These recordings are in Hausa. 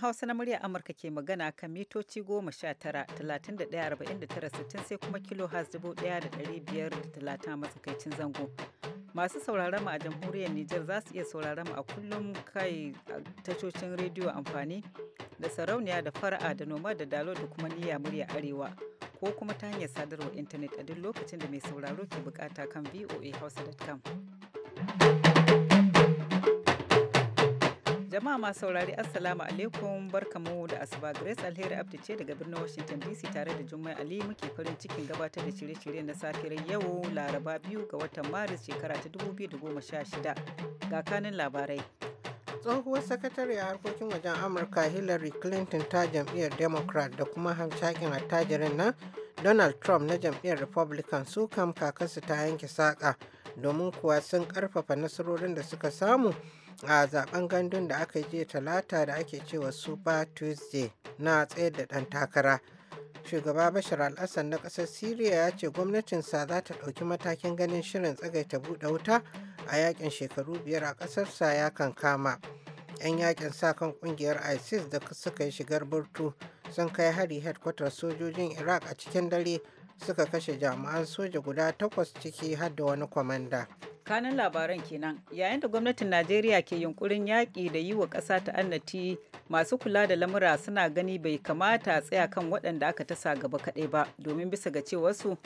Hausa na Murya Amurka ke magana kan mitoci 19 sittin sai kuma kilo has 1,530 matsakaicin zango. Masu sauraron mu a jamhuriyar Nijar za su iya sauraron mu a kullum kai tashoshin rediyo amfani da sarauniya da fara'a da noma da dalo da kuma niyya murya arewa ko kuma ta hanyar sadarwar intanet a duk lokacin da mai sauraro ke bukata kan Hausa.com. Jama'a masu saurari Assalamu alaikum barkamu da asuba Grace Alheri Abdi ce daga birnin Washington DC tare da Jummai Ali muke farin cikin gabatar da shirye-shirye na safiyar yau Laraba biyu ga watan Maris shekara ta 2016 ga kanin labarai. Tsohuwar a harkokin wajen Amurka Hillary Clinton ta jam'iyyar Democrat da kuma hamshakin attajirin nan Donald Trump na jam'iyyar Republican su kam kakansu ta yanke saƙa domin kuwa sun karfafa nasarorin da suka samu a zaben gandun da aka je talata da ake cewa super tuesday na tsayar da ɗan takara shugaba bashar al-assad na ƙasar syria ya ce gwamnatinsa za ta ɗauki matakin ganin shirin tsagaita buɗe wuta a yakin shekaru biyar a ƙasarsa ya kama 'yan yakin sa kan ƙungiyar isis da suka yi shigar burtu sun kai hari headquarter sojojin iraq a cikin dare suka kashe jami'an soja guda takwas ciki har da wani kwamanda. tsakanin labaran kenan yayin da gwamnatin najeriya ke yunkurin yaƙi da yi wa ƙasa ta'annati masu kula da lamura suna gani bai kamata a tsaya kan waɗanda aka tasa gaba kaɗai ba domin bisa ga cewarsu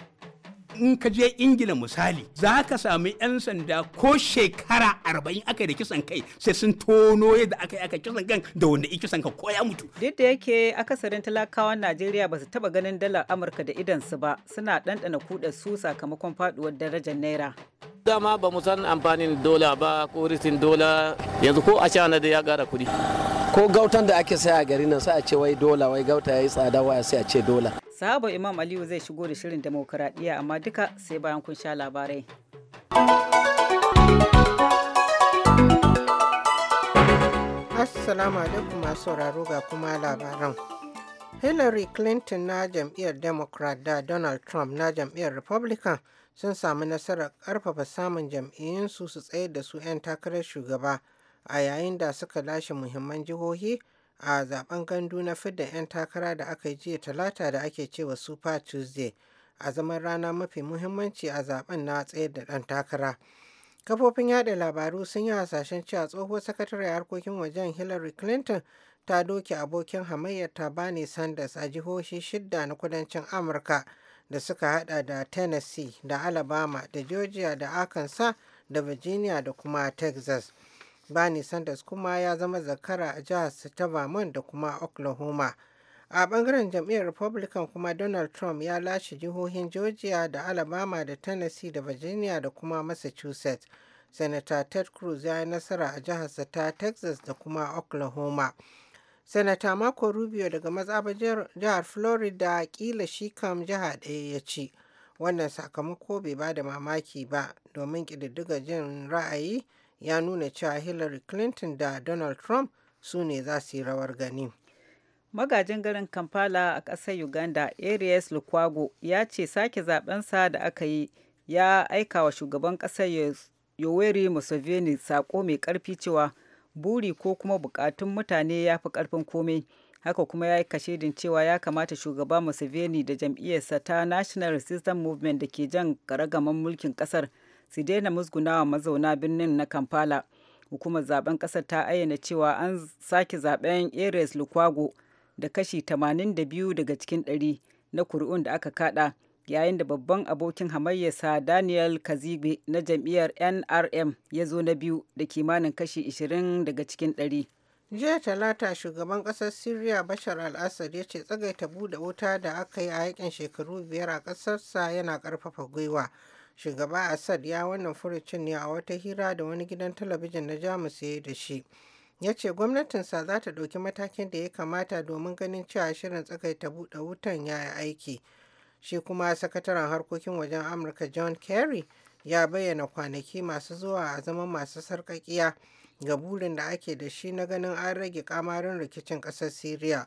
in ka je ingila misali za ka sami 'yan sanda ko shekara arba'in aka da kisan kai sai sun tono yadda aka yi aka kisan kan da wanda ya kisan ka ko ya mutu duk da yake akasarin talakawan najeriya ba su taba ganin dalar amurka da idan su ba suna ɗanɗana kuɗa su sakamakon faɗuwar darajar naira dama ba mu san amfanin dola ba ko risin dola yanzu ko a da ya gara kuɗi ko gautan da ake saya a gari nan sai a ce wai dola wai gauta ya yi tsada wai sai a ce dola Sabo Imam Aliyu zai shigo da shirin demokuraɗiyya amma duka sai bayan kun sha labarai. Assalamu alaikum masu sauraro ga kuma labaran. Hillary Clinton na jam'iyyar Democrat da Donald Trump na jam'iyyar Republican sun samu nasarar ƙarfafa samun jam'iyyunsu su tsayar da su 'yan takarar shugaba a yayin da suka lashe muhimman jihohi a zaben gandu na fidda 'yan takara da aka yi jiya talata da ake cewa super tuesday a zaman rana mafi muhimmanci a zaben na tsayar da ɗan takara kafofin yada labaru sun yi hasashen cewa tsohuwar sakatare harkokin wajen hillary clinton ta doke abokin hamayyar ta bani sanders a jihohi shidda na kudancin amurka da suka hada da tennessee da alabama da georgia da arkansas da virginia da kuma texas Bernie Sanders kuma ya zama zakara a jihar ta Vermont da kuma Oklahoma. A bangaren jam'iyyar Republican kuma Donald Trump ya lashe jihohin Georgia da Alabama da Tennessee da Virginia da kuma Massachusetts. Senator Ted Cruz ya yi nasara a jihar ta Texas da kuma Oklahoma. Senator Marco Rubio daga mazaɓar jihar Florida kila shi kam jiha ɗaya ya ci. Wannan sakamako bai ba da mamaki ba domin ƙididdiga jin ra'ayi ya nuna cewa Hillary Clinton da Donald Trump su ne za su yi rawar gani. Magajin garin Kampala a ƙasar Uganda, Aries Lukwago, ya ce sake zabensa da aka yi ya aika wa shugaban ƙasar Yoweri Museveni sako mai karfi cewa buri ko kuma bukatun mutane ya fi ƙarfin komai. haka kuma ya yi kashedin cewa ya kamata shugaba Museveni da jam'iyyarsa ta National Resistance Movement da ke jan garagaman mulkin kasar su daina musgunawa mazauna birnin na kampala hukumar zaben kasar ta ayyana cewa an sake zaben ares lukwago da kashi 82 daga cikin 100 na kuri'un da aka kada yayin da babban abokin hamayyarsa daniel kazibe na jam'iyyar nrm ya zo na biyu da kimanin kashi 20 daga cikin 100 jiya talata shugaban kasar syria bashar al-assad ya ce tsagaita bude wuta da aka yi a yakin shekaru biyar a kasarsa yana karfafa gwiwa Shugaba Assad ya wannan furucin ne a wata hira da wani gidan talabijin na Jamus ya yi da shi. Ya ce gwamnatinsa za ta ɗauki matakin da ya kamata domin ganin cewa shirin tsakaita buɗe wutan ya yi aiki. Shi kuma sakataren harkokin wajen Amurka John Kerry ya bayyana kwanaki masu zuwa a zaman masu sarƙaƙiya ga burin da ake da shi na ganin an rage kamarin rikicin ƙasar Siriya.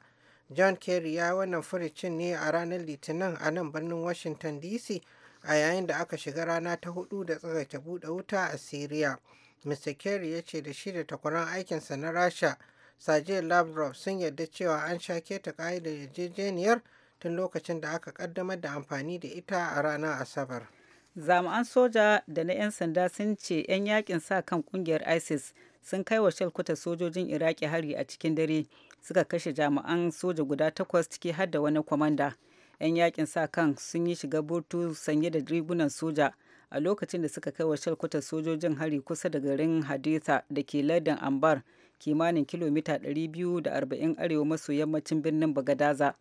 John Kerry ya wannan furucin ne a ranar Litinin a nan birnin Washington DC a yayin da aka shiga rana ta hudu da tsagaita bude wuta a Siriya. Mr. Kerry ya ce da shi da takwaran aikinsa na Rasha, sajiyar Lavrov sun yarda cewa an sha keta ƙa'idar yarjejeniyar tun lokacin da aka kaddamar da amfani da ita a ranar Asabar. Jami'an soja da na 'yan sanda sun ce 'yan yakin sa kan kungiyar ISIS sun kai wa shalkuta sojojin Iraki hari a cikin dare suka kashe jami'an soja guda takwas ciki har da wani kwamanda. 'yan yakin sa kan sun yi shiga burtu sanye da rigunan soja a lokacin da suka kai wa shalkwatar sojojin hari kusa da garin haditha da ke Ladan ambar kimanin kilomita 240 arewa maso yammacin birnin bagadaza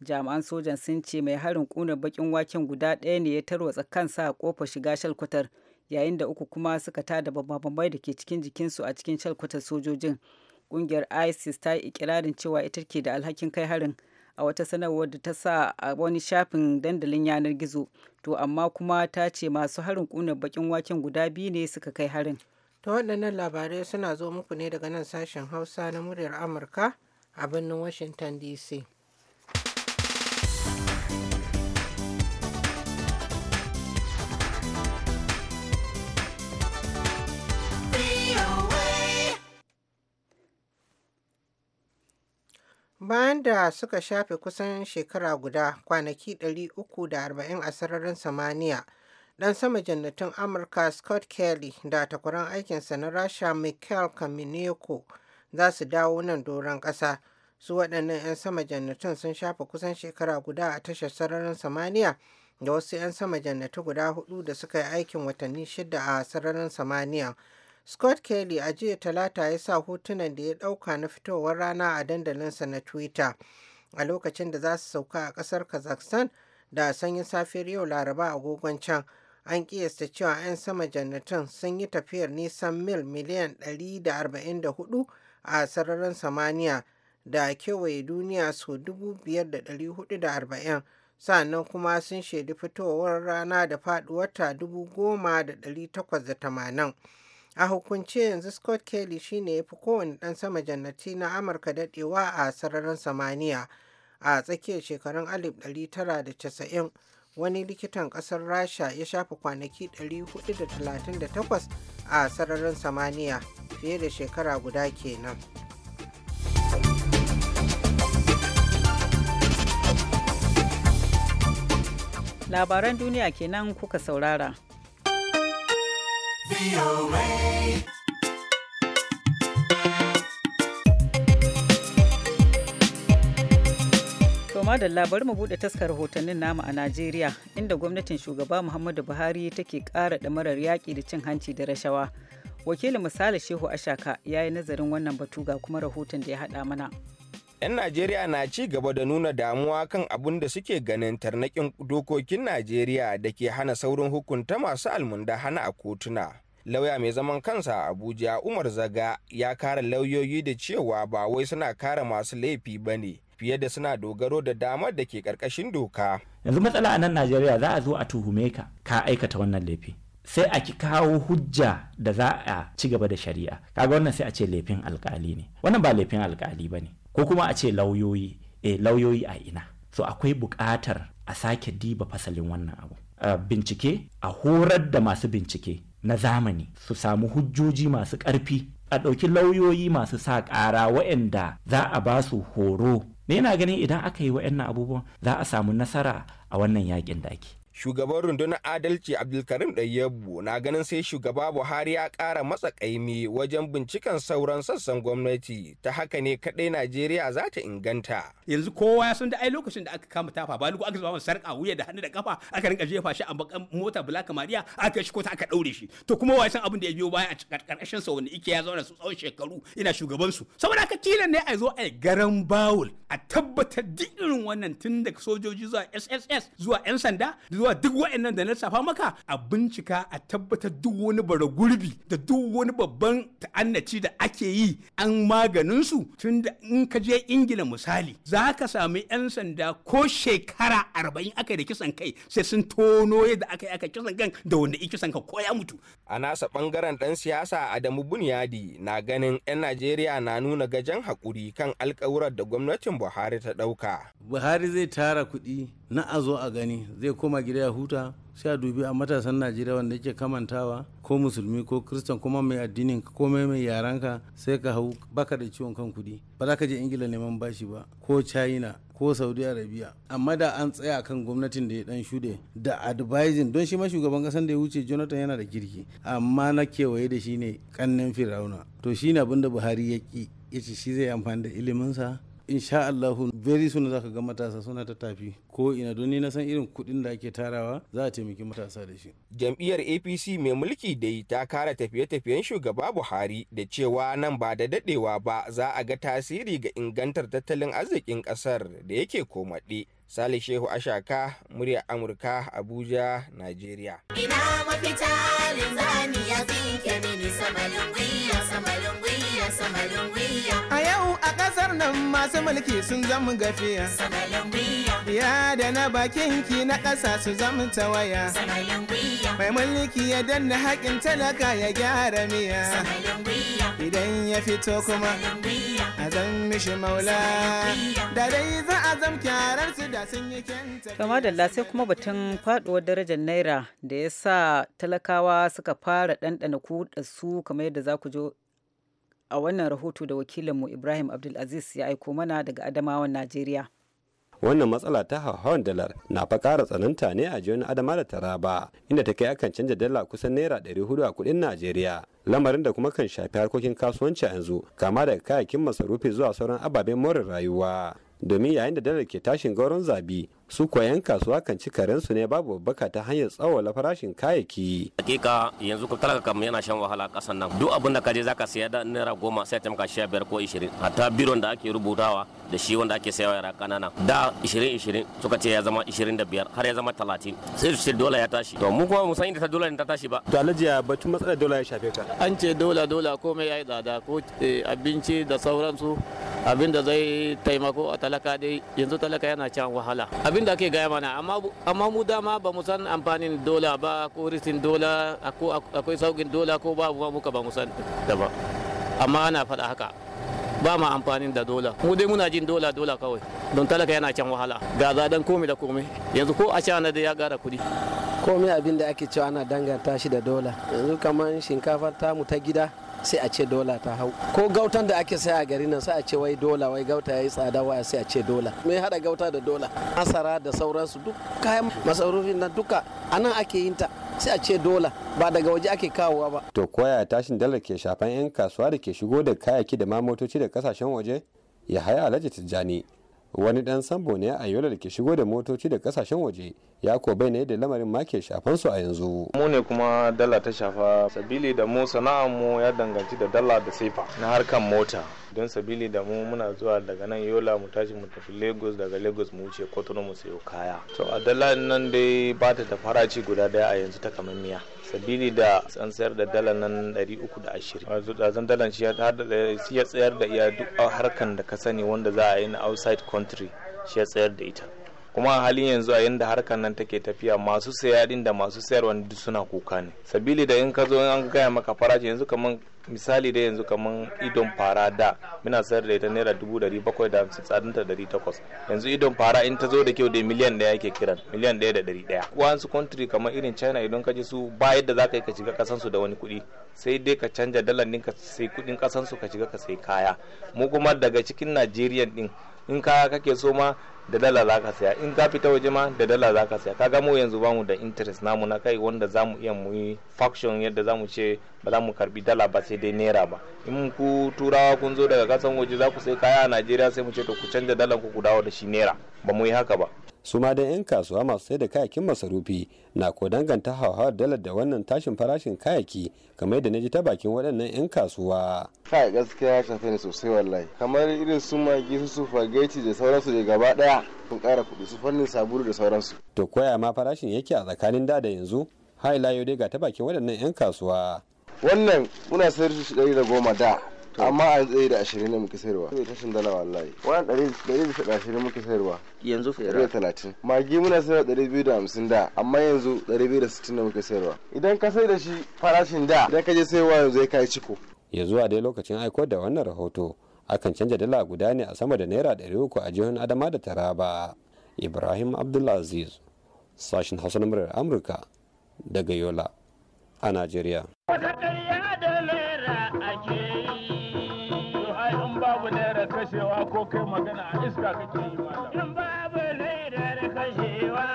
jami'an sojan sun ce mai harin kunar bakin waken guda ɗaya ne ya tarwatsa kansa a kofar shiga shalkwatar yayin da uku kuma suka tada bambamai da ke cikin jikinsu a cikin shalkutar sojojin ƙungiyar isis ta yi ikirarin cewa ita ke da alhakin kai harin a wata sanarwar da ta sa a wani shafin dandalin yanar gizo to amma kuma ta ce masu harin kunar bakin waken guda biyu ne suka kai harin ta waɗannan labarai suna zo muku ne daga nan sashen hausa na muryar amurka a birnin washington dc Bayan da suka shafe kusan shekara guda kwanaki 340 a sararin samaniya, ɗan sama jannatin Amurka Scott Kelly da takwaran aikinsa na Rasha michael kamineko za su dawo nan doron ƙasa. Su waɗannan 'yan sama jannatin sun shafe kusan shekara guda a tashar sararin samaniya da wasu 'yan sama jannatu guda hudu da suka yi aikin watanni shida a sararin samaniya. Scott Kelly a jiya talata ya sa hotunan da ya ɗauka na fitowar rana a dandalinsa na Twitter a lokacin da za su sauka a ƙasar Kazakhstan da sanyin safiyar yau Laraba agogon can. An kiyasta cewa 'yan sama jannatin sun yi tafiyar nisan mil miliyan 144 a sararin samaniya da kewaye duniya su 5,440 sannan kuma sun shaidi fitowar rana da faɗuwarta 10,880. a hukunce yanzu scott kelly shine ya fi kowane ɗan sama jannati na amurka daɗewa a sararin samaniya a tsakiyar shekarun 1990 wani likitan ƙasar rasha ya shafa kwanaki 438 a sararin samaniya fiye da shekara guda kenan. labaran duniya kenan kuka saurara. madalla bari mu bude taskar rahotannin namu a Najeriya inda gwamnatin shugaba Muhammadu Buhari take ƙara ɗamarar yaƙi da cin hanci da rashawa. Wakilin misali Shehu Ashaka ya yi nazarin wannan batu ga kuma rahoton da ya haɗa mana. 'yan Najeriya na ci gaba da nuna damuwa kan abin da suke ganin tarnakin dokokin Najeriya da ke hana saurin hukunta masu almunda hana a kotuna. Lauya mai zaman kansa Abuja Umar Zaga ya kara lauyoyi da cewa ba wai suna kara masu laifi ba ne fiye da suna dogaro da damar da ke karkashin doka. Yanzu matsala a nan Najeriya za a zo a tuhume ka ka aikata wannan laifi. sai a ki kawo hujja da za a ci gaba da shari'a kaga wannan sai a ce laifin alkali ne wannan ba laifin alkali ba ne ko kuma a ce lauyoyi eh lauyoyi a ina so akwai buƙatar a sake diba fasalin wannan abu uh, bincike a horar da masu bincike na zamani su samu hujjoji masu ƙarfi a ɗauki lauyoyi masu sa ƙara waɗanda za a ba su horo ne yana ganin idan aka yi waɗannan abubuwan za a samu nasara a wannan yakin da ake shugaban rundunar adalci abdulkarim ɗayyabu na ganin sai shugaba buhari ya kara matsa kaimi wajen binciken sauran sassan gwamnati ta haka ne kaɗai najeriya za ta inganta yanzu kowa ya san da ai lokacin da aka kama tafa ba ko aka zuba sarka sarƙa wuya da hannu da kafa aka rinka jefa shi a bakan mota black maria aka shi ta aka ɗaure shi to kuma wa san abin da ya biyo baya a ƙarƙashin sa wanda ike ya zauna su tsawon shekaru ina shugaban su saboda haka tilan ne a zo a garan bawul a tabbatar duk irin wannan tun daga sojoji zuwa sss zuwa 'yan sanda zuwa duk wa'annan da na safa maka a bincika a tabbatar duk wani bara gurbi da duk wani babban ta'annaci da ake yi an maganin su tun da in ka je ingila misali za ka sami 'yan sanda ko shekara arba'in aka da kisan kai sai sun tono yadda aka yi aka kisan kan da wanda ya kisan ka ko ya mutu a nasa bangaren dan siyasa adamu bunyadi na ganin 'yan najeriya na nuna gajen hakuri kan alkawurar da gwamnatin buhari ta ɗauka buhari zai tara kuɗi na a zo a gani zai koma gida ya huta sai a dubi a matasan najeriya wanda yake kamantawa ko musulmi ko kristan kuma mai addinin ko mai mai yaranka sai ka hau baka da ciwon kan kuɗi ba za ka je ingila neman bashi ba ko china ko saudi arabia amma da an tsaya kan gwamnatin da ya dan shude da advising don shi ma shugaban kasan da ya wuce jonathan yana da kirki amma na kewaye da shi ne kannen firauna to shi ne abinda buhari ya ki ya shi zai amfani da iliminsa insha Allahu very soon za ga matasa suna ta tafi ko ina don ni na san irin kuɗin da ake tarawa za a taimaki matasa da shi. Jam'iyyar APC mai mulki dai ta kara tafiye-tafiyen shugaba Buhari da cewa nan ba da dadewa ba za a ga tasiri ga ingantar tattalin arzikin ƙasar da yake komaɗe. Sale Shehu Ashaka, murya Amurka, Abuja, Najeriya. kasar nan masu mulki sun zama gafiya biya da na bakin ki na ƙasa su zama tawaya mai mulki ya danna haƙin talaka ya gyara miya idan ya fito kuma a mishi maula da dai za a zam kyarar su da sun yi kyanta kama da sai kuma batun faduwar darajar naira da ya sa talakawa suka fara ɗanɗana kuɗa su kamar yadda za ku a wannan rahoto da wakilinmu Ibrahim Abdulaziz ya aiko mana daga Adamawan Najeriya. wannan matsala ta hauhawan dalar na fa ƙara tsananta ne a jiyoyin adama da taraba inda ta kai akan canja dala kusan naira 400 a kuɗin najeriya lamarin da kuma kan shafi harkokin kasuwanci a yanzu kama daga kayayyakin masarufi zuwa sauran ababen more rayuwa domin yayin da dalar ke tashin gauron zabi su yan kasuwa kan ci karensu ne babu babbaka ta hanyar tsawala farashin kayayyaki. Hakika yanzu ka talaka kamar yana shan wahala kasan nan. Duk abin da ka je zaka siya da naira goma sai ta maka sha biyar ko ishirin. Hatta biron da ake rubutawa da shi wanda ake sayawa yara kanana. Da ishirin ishirin suka ce ya zama ishirin da biyar har ya zama talatin. Sai su ce dola ya tashi. To mu kuma mu san inda ta dola ta tashi ba. To alajiya ya batu matsalar dola ya shafe ka. An ce dola dola komai ya yi tsada ko eh, abinci da sauransu abin da zai taimako a talaka dai yanzu talaka yana can wahala. Abin abin da ake gaya mana amma mu dama ba mu san amfanin dola ba ko risin dola akwai saukin dola ko babu ma muka ba mu san da ba amma ana faɗa haka ba ma amfanin da dola mu dai muna jin dola dola kawai don talaka yana can wahala ga zadan komai da komai yanzu ko a shana da ya gara kuɗi komai abin da ake cewa ana danganta shi da dola yanzu kamar shinkafar tamu ta gida sai a ce dola ta hau ko gautan da ake saya a gari nan sai a ce wai dola wai gauta ya yi tsada waya sai a ce dola mai hada gauta da dola masara da sauransu duk kayan masarufin na duka anan ake yin ta sai a ce dola ba daga waje ake kawowa ba to koya tashin dalar ke shafan yan kasuwa da ke shigo da kayaki da ma motoci da kasashen waje ya haya alhaji tijjani wani dan sambo ne a yola da ke shigo da motoci da kasashen waje ya ko bai da lamarin ma ke shafan su a yanzu mu ne kuma dala ta shafa sabili da mu sana'ar mu ya danganci da dala da sefa na harkan mota don sabili da mu muna zuwa daga nan yola mu tashi mu tafi lagos daga lagos mu wuce kotono mu sayo kaya to a dala nan dai ba ta da faraci guda daya a yanzu ta miya sabili da an sayar da dala nan 320 wato da zan dalan shi ya tsayar da iya duk harkan da ka sani wanda za a yi na outside country shi ya tsayar da ita kuma a halin yanzu a yadda harkar nan take tafiya masu saya din da masu sayarwa duk suna kuka ne sabili da in ka zo an gaya maka farashi yanzu kamar misali da yanzu kamar idon fara da muna sayar da ita naira dubu dari bakwai da hamsin tsarin ta dari takwas yanzu idon fara in ta zo da kyau da miliyan daya ke kiran miliyan ɗaya da dari ɗaya wasu country kamar irin china idan ka ji su ba yadda za ka yi ka shiga kasansu da wani kuɗi sai dai ka canja dalar ɗin ka sai kuɗin kasansu ka shiga ka sai kaya mu kuma daga cikin najeriya ɗin in kaya kake so ma da dala za ka saya in ka fita waje ma da dala za ka saya kaga mu yanzu bamu da interest namu na kai wanda za mu iya muyi faction yadda za mu ce ba za mu karbi dala ba sai dai naira ba in ku turawa kun zo daga kasan waje za ku sai kaya a najeriya sai mu ce to ku canja dalan ku ku dawo da shi naira ba mu yi haka ba su ma dai 'yan kasuwa masu sai da kayakin masarufi na ko danganta hauhawar dalar da wannan tashin farashin kayaki kamar yadda na ji ta bakin waɗannan 'yan kasuwa. kai gaskiya ya shafe ni sosai wallahi kamar irin su magi su sufageti da sauransu da gaba daya sun kara kuɗi su fannin sabulu da sauransu. to koya ma farashin yake a tsakanin da da yanzu hai dai ga ta bakin waɗannan 'yan kasuwa. wannan muna sayar su ɗari da goma da amma a yanzu da ashirin ne muke sayarwa ta tashin dala wallahi wani ɗari ɗari da ashirin muka sayarwa yanzu fera da talatin magi muna sayarwa ɗari biyu da hamsin da amma yanzu ɗari biyu da sittin da muka sayarwa idan ka sai da shi farashin da idan ka je sayarwa yanzu ya kai ciko yanzu a dai lokacin aiko da wannan rahoto akan canja dala guda ne a sama da naira ɗari uku a jihun adama da taraba ibrahim abdulaziz sashen hausa na murar amurka daga yola a najeriya ko kai magana a iska kake yi malam. In babu laidar kashewa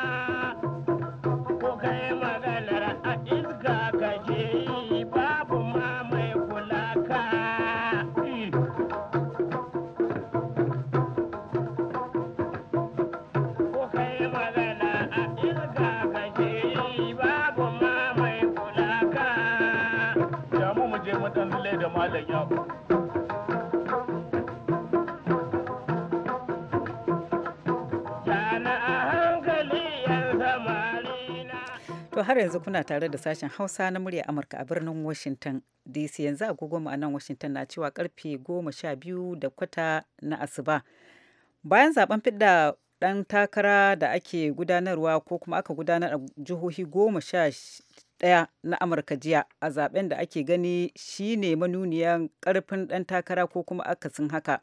ko kai magana a iska kake yi babu ma mai kula ka. Ko kai magana a iska kake yi babu ma mai kula ka. Ya mu mu je mu da malam ya To har yanzu kuna tare da sashen Hausa na murya Amurka a birnin Washington DC yanzu agogo mu a nan Washington na cewa karfe goma sha biyu da kwata na asuba. Bayan zaben fidda ɗan takara da ake gudanarwa ko kuma aka gudanar a jihohi goma sha ɗaya na Amurka jiya a zaben da ake gani shine manuniyan karfin ɗan takara ko kuma akasin haka.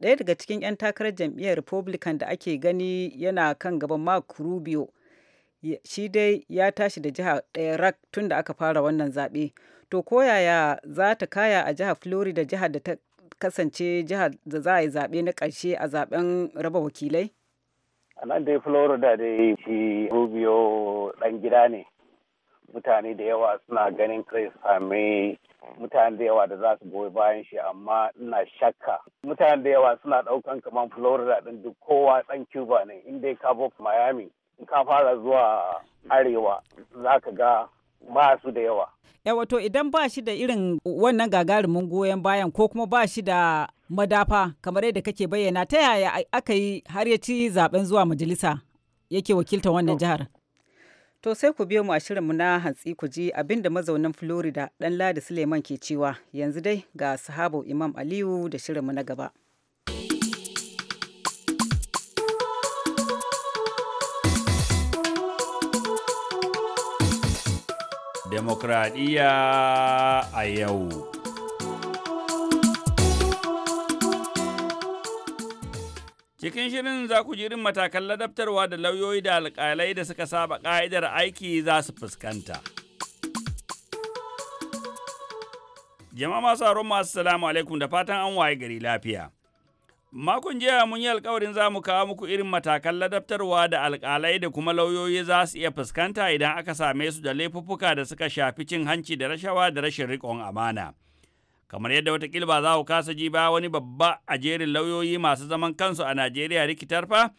Ɗaya daga cikin 'yan takarar jam'iyyar Republican da ake gani yana kan gaban Mark Rubio shi dai ya tashi da jiha ɗaya rak tun da aka fara wannan zaɓe to koyaya za ta kaya a jihar florida jihar da ta kasance jihar da za a yi zaɓe na ƙarshe a zaɓen raba wakilai a nan dai florida dai shi rubio ɗan gida ne mutane da yawa suna ganin chris same mutane da yawa da za su goyi bayan shi amma ina shakka mutane da yawa suna ɗaukan kamar florida ɗin duk kowa ɗan cuba ne inda ya kabo miami ka fara zuwa arewa za ka ga ba su da yawa. Ya wato idan ba shi da irin wannan gagarumin goyon bayan ko kuma ba shi da madafa kamar yadda kake bayyana ta yaya aka yi har ya ci zaben zuwa majalisa yake wakiltar wannan jihar. To sai ku biyo mu a shirinmu na hantsi ku ji abin da mazaunan Florida ɗan Ladi Suleiman ke cewa yanzu dai ga sahabo Imam Aliyu da shirinmu na gaba. demokradiyya a yau. Cikin shirin za ku jirin matakan ladabtarwa da lauyoyi da alƙalai da suka saba ƙa'idar aiki za su fuskanta. Jama'a masu masu salamu alaikum da fatan an waye gari lafiya. Makon jiya mun yi alkawarin za mu kawo muku irin matakan ladabtarwa da alkalai da kuma lauyoyi za su iya fuskanta idan aka same su da laifuffuka da suka shafi cin hanci da rashawa da rashin rikon amana. Kamar yadda wata ba za ku kasa ji ba wani babba a jerin lauyoyi masu zaman kansu a Najeriya rikitar fa,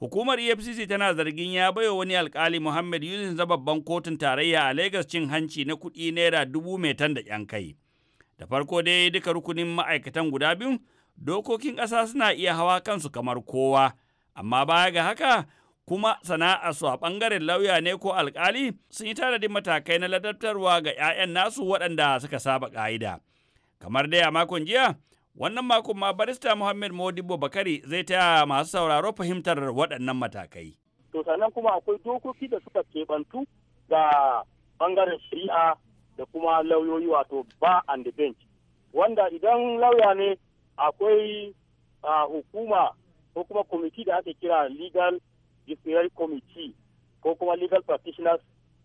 hukumar EFCC tana zargin ya baiwa wani alkali Muhammad Yunus za babban kotun tarayya a Lagos cin hanci na kuɗi naira dubu metan da ƴan kai. Da farko dai duka rukunin ma'aikatan guda biyu dokokin ƙasa suna iya hawa kansu kamar kowa, amma baya ga haka kuma sana'a su a ɓangaren lauya ne ko alkali sun yi tanadin matakai na ladabtarwa ga 'ya'yan nasu waɗanda suka saba ƙa'ida. Kamar dai a makon jiya, wannan makon ma barista Muhammad Modibo Bakari zai taya masu sauraro fahimtar waɗannan matakai. To sannan kuma akwai dokoki da suka keɓantu ga ɓangaren shari'a da kuma lauyoyi wato ba and the bench. Wanda idan lauya ne akwai hukuma ko kuma kwamiti da ake kira legal disciplinary committee ko kuma legal practitioners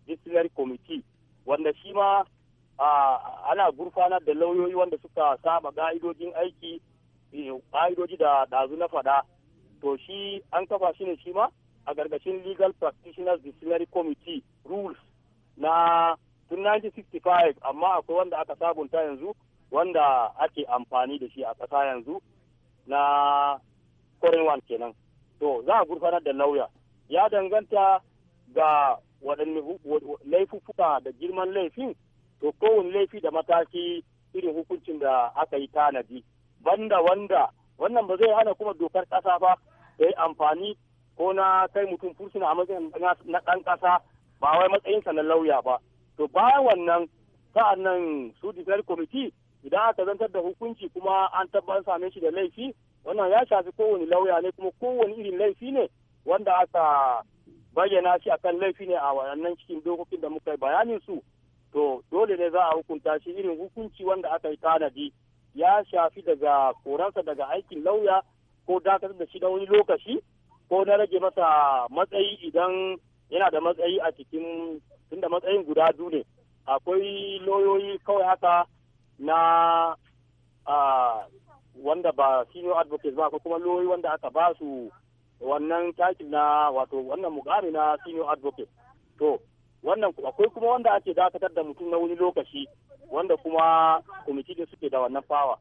disciplinary committee wanda shi ma ana gurfana da lauyoyi wanda suka saba ga'idojin aiki eh, ka'idoji da ɗazu na faɗa to shi an kafa shi ne shi ma a gargashin legal practitioners disciplinary committee rules na tun 1965 amma akwai wanda aka sabunta yanzu wanda ake amfani da shi a ƙasa yanzu na korewan kenan to za a gurfanar da lauya ya danganta ga waɗanne laifuffuka da girman laifin to kowane laifi da mataki irin hukuncin da aka yi tanadi banda wanda wannan ba zai hana kuma dokar ƙasa ba ta yi amfani ko na kai mutum fursuna a matsayin na ɗan ƙasa ba wai matsayinsa na lauya ba to bayan wannan sa'an nan su committee idan aka zantar da hukunci kuma an tabbatar same shi da laifi wannan ya shafi kowane lauya ne kuma kowane irin laifi ne wanda aka bayyana shi akan laifi ne a wannan cikin dokokin da muka yi bayanin su to dole ne za a hukunta shi irin hukunci wanda aka yi tanadi ya shafi daga koransa daga aikin lauya ko dakatar da shi da wani lokaci ko na rage masa matsayi idan yana da matsayi a cikin tunda matsayin guda biyu ne akwai lauyoyi kawai haka na wanda ba senior advocate ba ko kuma loyi wanda aka ba su wannan takin na wato wannan mukami na senior advocate to wannan akwai kuma wanda ake dakatar da mutum na wani lokaci wanda kuma kwamiti da suke da wannan fawa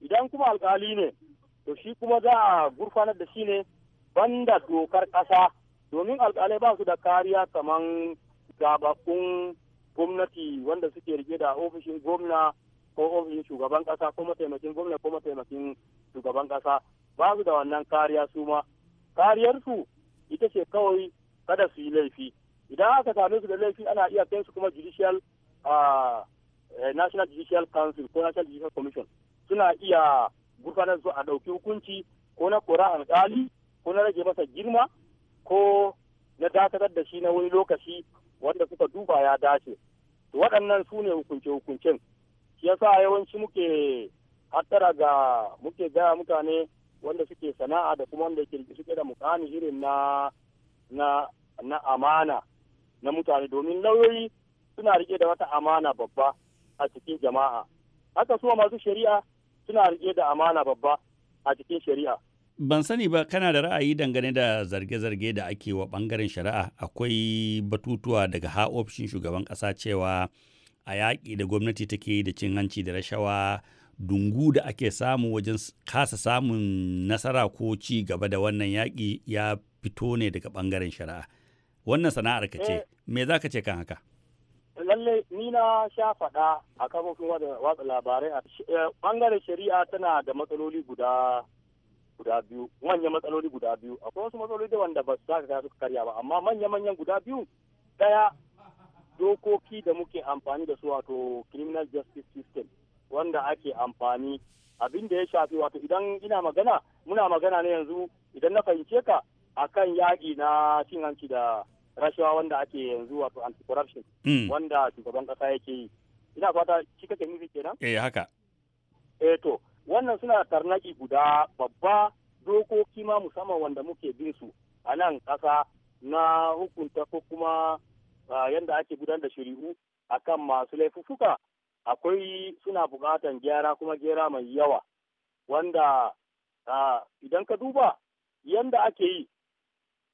idan kuma alkali ne to shi kuma za a gurfanar da shi ne banda dokar kasa domin alkalai ba su da kariya kaman zababbun gwamnati wanda suke rike da ofishin gwamna ko ofishin shugaban ƙasa ko mataimakin gwamna ko mataimakin shugaban ƙasa ba su da wannan kariya su ma kariyarsu ita ce kawai kada su yi laifi idan aka same su da laifi ana iya kai su kuma judicial ah, eh, national judicial council ko national judicial commission suna iya gurfanar su a ɗauki hukunci ko na kora alƙali ko na rage masa girma ko na dakatar da shi na wani lokaci wanda suka duba ya dace to waɗannan su ne hukunce-hukuncen shi yasa yawanci muke hattara ga muke gaya mutane wanda suke sana'a da kuma wanda suke da mukami irin na na na amana na mutane domin lauyoyi suna rike da wata amana babba a cikin jama'a haka suwa masu shari'a suna rike da amana babba a cikin shari'a. Ban sani ba kana da ra'ayi dangane da zarge-zarge da ake wa bangaren shari'a akwai batutuwa daga ha ofishin shugaban ƙasa cewa a yaƙi da gwamnati take da cin hanci da rashawa dungu da ake samu wajen kasa samun nasara ko ci gaba da wannan yaƙi ya fito ne daga bangaren shari'a. Wannan sana'ar ka ce, eh. me za ka ce kan haka? lalle ni na sha faɗa a kafofin watsa labarai a bangaren eh, shari'a tana da matsaloli guda guda biyu manyan matsaloli guda biyu akwai wasu matsaloli da wanda ba su za ka suka karya ba amma manya manyan guda biyu ɗaya dokoki da muke amfani da su wato criminal justice system wanda ake amfani abin da ya shafi wato idan ina magana muna magana ne yanzu idan na fahimce ka akan yaƙi na cin hanci da rashawa wanda ake yanzu wato anti-corruption hmm. wanda shugaban kasa yake yi ina fata shi kake nufi kenan eh haka eh to wannan suna tarnaki guda babba dokoki ma musamman wanda muke bin su a nan kasa na hukunta ko kuma yanda ake gudanar da shari'u akan masu laifuffuka akwai suna bukatan gyara kuma gyara mai yawa wanda idan ka duba yanda ake yi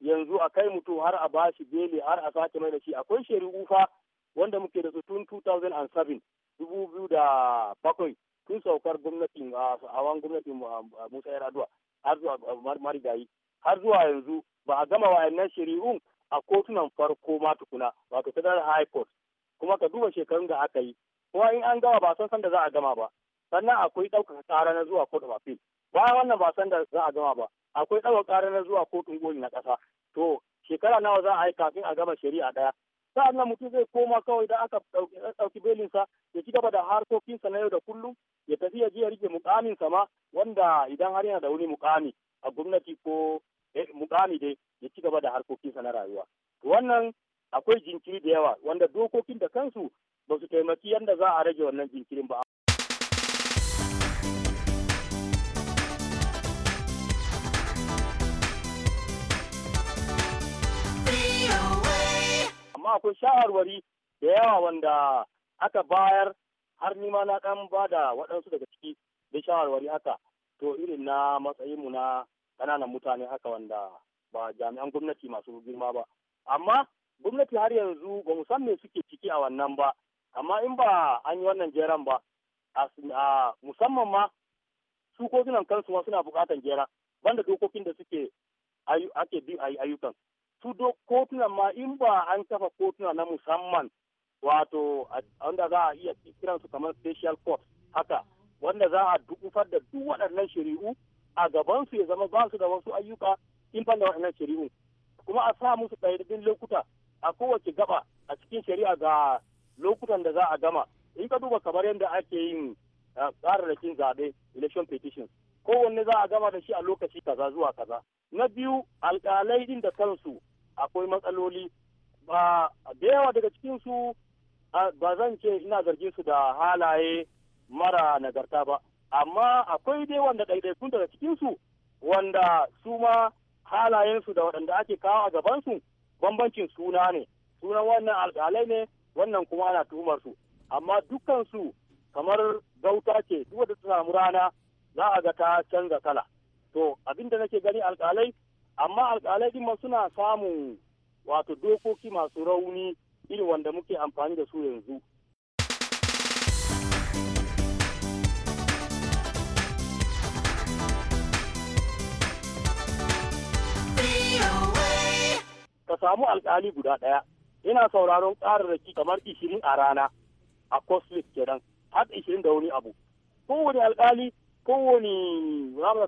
yanzu a kai mutu har a bashi beli har a sake mai da shi akwai shari'u fa wanda muke da su tun 2007 dubu biyu da bakwai tun saukar gwamnatin wan gwamnatin musa yar'adua har zuwa marigayi har zuwa yanzu ba a gama wayannan shari'un a kotunan farko ma tukuna wato federal high court kuma ka duba shekarun da aka yi kuma in an gama ba san san da za a gama ba sannan akwai ɗaukaka tsara na zuwa court of appeal bayan wannan ba san da za a gama ba akwai tsawon ƙara na zuwa kotun koli na ƙasa to shekara nawa za a yi kafin a gama shari'a ɗaya sa'an nan mutum zai koma kawai da aka ɗauki belinsa ya ci gaba da harkokinsa na yau da kullum ya tafi ya je ya rike mukaminsa ma wanda idan har yana da wani mukami a gwamnati ko eh, mukami dai ya ci gaba da harkokinsa na rayuwa wannan akwai jinkiri da yawa wanda dokokin da kansu ba su taimaki yadda za a rage wannan jinkirin ba Amma akwai shawarwari da yawa wanda aka bayar har nima na kan ba da waɗansu daga ciki da shawarwari haka to irin na matsayinmu na ƙananan mutane haka wanda ba jami'an gwamnati masu girma ba. Amma gwamnati har yanzu ba mu san me suke ciki a wannan ba amma in ba an yi wannan jeran ba a musamman ma su kotunan kansu ma suna bukatan jera banda dokokin da suke ake bi ayyukan su duk kotunan ma in ba an kafa kotuna na musamman wato wanda za a iya kiransu kamar special court haka wanda za a dukufar da duk waɗannan shari'u a gabansu ya zama ba su da wasu ayyuka in ban da waɗannan shari'u kuma a sa musu ɗaiɗaɗɗun lokuta a kowace gaba a cikin shari'a ga lokutan da za a gama in ka duba kamar yadda ake yin tsararrakin zaɓe election petition kowanne za a gama da shi a lokaci kaza zuwa kaza na biyu alƙalai din da kansu akwai matsaloli ba da yawa daga cikinsu ba zan ce ina zargin su da halaye mara nagarta ba amma akwai dai wanda ɗaiɗaikun daga cikinsu wanda su ma halayensu da waɗanda ake kawo a gabansu bambancin suna ne sunan wannan alƙalai ne wannan kuma ana tuhumar su amma dukkansu kamar gauta ce duk wanda suna samu rana za a ga ta canza kala to abinda nake gani alƙalai amma alƙalai ma suna samun wato dokoki masu rauni irin wanda muke amfani da su yanzu ka samu alkali guda ɗaya ina sauraron ƙararraki kamar ishirin a rana a cosmic kenan har ishirin da wani abu kowane alkali kowane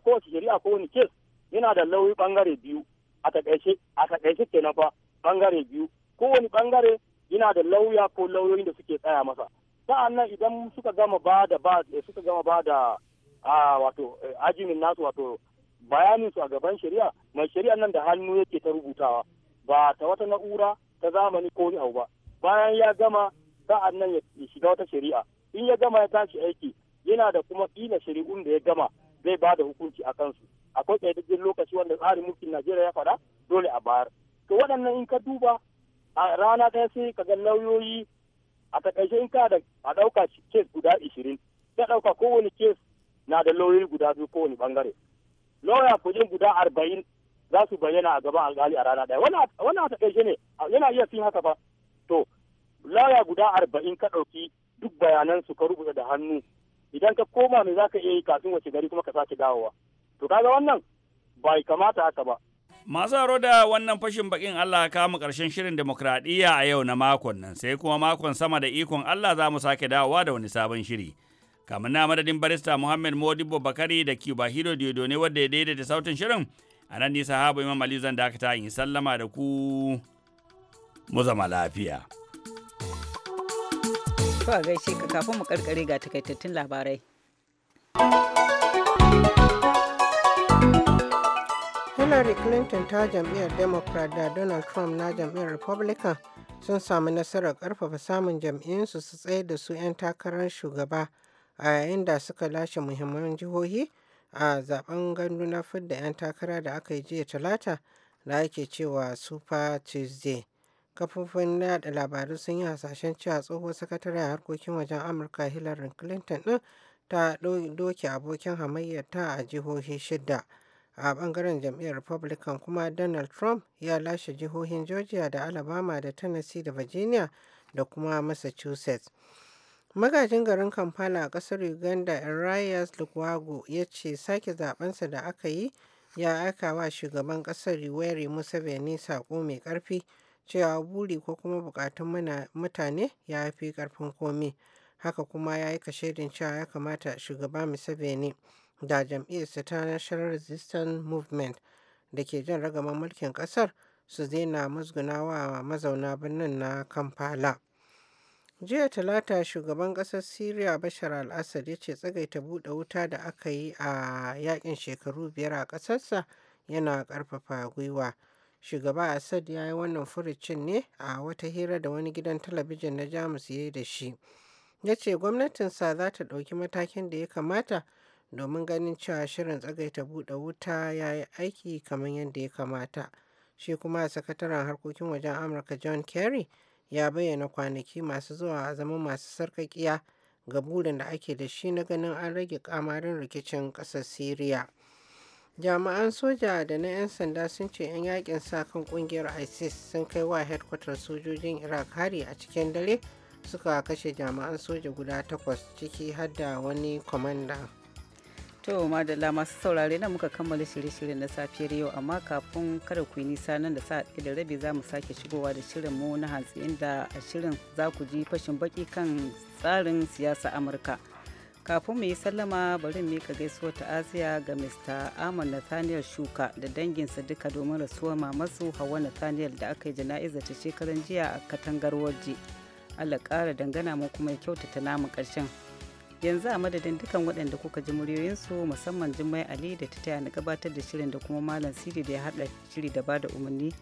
kowace shari'a kowane kes yana da lauyi bangare biyu a takaice a takaice kenan fa bangare biyu kowane bangare yana da lauya ko lauyoyin da suke tsaya masa sa'annan idan suka gama ba da ba eh, suka gama ba da wato eh, ajimin nasu wato bayanin su a gaban shari'a mai shari'a nan da hannu yake ta rubutawa ba ta wata na'ura ta zamani ko ni ba bayan ya gama sa'an nan ya shiga wata shari'a in ya gama ya tashi aiki yana da kuma ƙila shari'un da ya gama zai ba da hukunci a kansu akwai ƙayyadajjen lokaci wanda tsarin mulkin najeriya ya faɗa dole a bayar to waɗannan in ka duba a rana ta sai ka ga lauyoyi a takaice in ka da a ɗauka kes guda ishirin ka ɗauka kowane kes na da lauyoyi guda biyu kowane ɓangare lauya kujin guda arba'in za su bayyana a gaban alkali a rana ɗaya wannan a takaice ne yana iya fin haka fa to lauya guda arba'in ka ɗauki duk bayanan su ka rubuta da hannu idan ka koma me za ka iya yi kafin wace gari kuma ka sake dawowa to kaga wannan bai kamata haka ba Masu haro da wannan fashin bakin Allah kama karshen shirin demokradiyya a yau na makon nan sai kuma makon sama da ikon Allah za mu sake dawowa da wani sabon shiri. Kamun na madadin barista Muhammad Modibo Bakari da Cuba Hiro Diodo ne wadda ya daidaita sautin shirin a nan nisa habu Imam Ali zan dakata yi sallama da ku mu zama lafiya. Ba gaishe ka kafin mu karkare ga takaitattun labarai. hillary clinton ta jam'iyyar democrat da donald trump na jam'iyyar republican sun sami nasarar karfafa samun jam'iyyarsu su tsaye da su 'yan takarar shugaba a yayin da suka lashe muhimman jihohi a zaben gandu na fidda 'yan takara da aka yi jiya talata da ake cewa super tuesday kafofin yada labaru sun yi hasashen cewa tsohuwar sakataren harkokin wajen amurka hillary clinton din ta doke abokin hamayyar ta a jihohi shida A ɓangaren jam'iyyar Republican kuma, Donald Trump ya lashe jihohin Georgia da Alabama da Tennessee da Virginia da kuma Massachusetts. Magajin garin Kampala a ƙasar Uganda Elias Lukwago ya ce sake zabensa da aka yi ya aika wa shugaban ƙasar Yoweri Museveni sako mai karfi cewa buri ko kuma bukatun mutane ya fi karfin komi. Haka kuma ya yi kashedin cewa ya kamata shugaba Museveni da jam'iyyar su ta National Resistance Movement da ke jan ragaman mulkin ƙasar su daina musgunawa mazauna birnin na Kampala. Jiya Talata shugaban ƙasar Syria Bashar al-Assad ya ce tsagaita buɗe wuta da aka yi a yakin shekaru biyar a ƙasarsa yana ƙarfafa gwiwa. Shugaba Assad ya yi wannan furucin ne a wata hira da wani gidan talabijin na Jamus ya yi da shi. Ya ce gwamnatinsa za ta ɗauki matakin da ya kamata domin ganin cewa shirin tsagaita buɗe wuta ya yi aiki kamar yadda ya kamata shi kuma sakataren harkokin wajen amurka john kerry ya bayyana kwanaki masu zuwa a zaman masu sarkakiya ga burin da ake da shi na ganin an rage kamarin rikicin ƙasar syria jami'an soja da na 'yan sanda sun ce 'yan yakin sa kan kungiyar isis sun kai wa hedkwatar sojojin iraq hari a cikin dare suka kashe jami'an soja guda takwas ciki har da wani kwamandan To madalla masu saurare na muka kammala shirye-shiryen na safiyar yau amma kafin kada ku yi nisa nan da sa da rabi za mu sake shigowa da shirin mu na hantsi inda a shirin za ku ji fashin baki kan tsarin siyasa Amurka. Kafin mu yi sallama bari mu ka gaisuwa ta'aziya ga Mr. Ahmad Nathaniel Shuka da danginsa duka domin rasuwar mamasu Hawa Nathaniel da aka yi jana'iza ta shekaran jiya a katangar waje Allah ƙara dangana mu kuma ya kyautata namu karshen. yanzu a madadin dukan waɗanda kuka ji muryoyinsu musamman jummai ali da ta taya na gabatar da shirin da kuma malam siri da ya haɗa shiri da bada umarni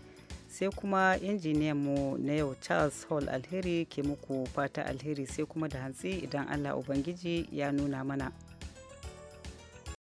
sai kuma injiniyan mu na yau charles hall alheri ke muku fata alheri sai kuma da hantsi idan allah ubangiji ya nuna mana.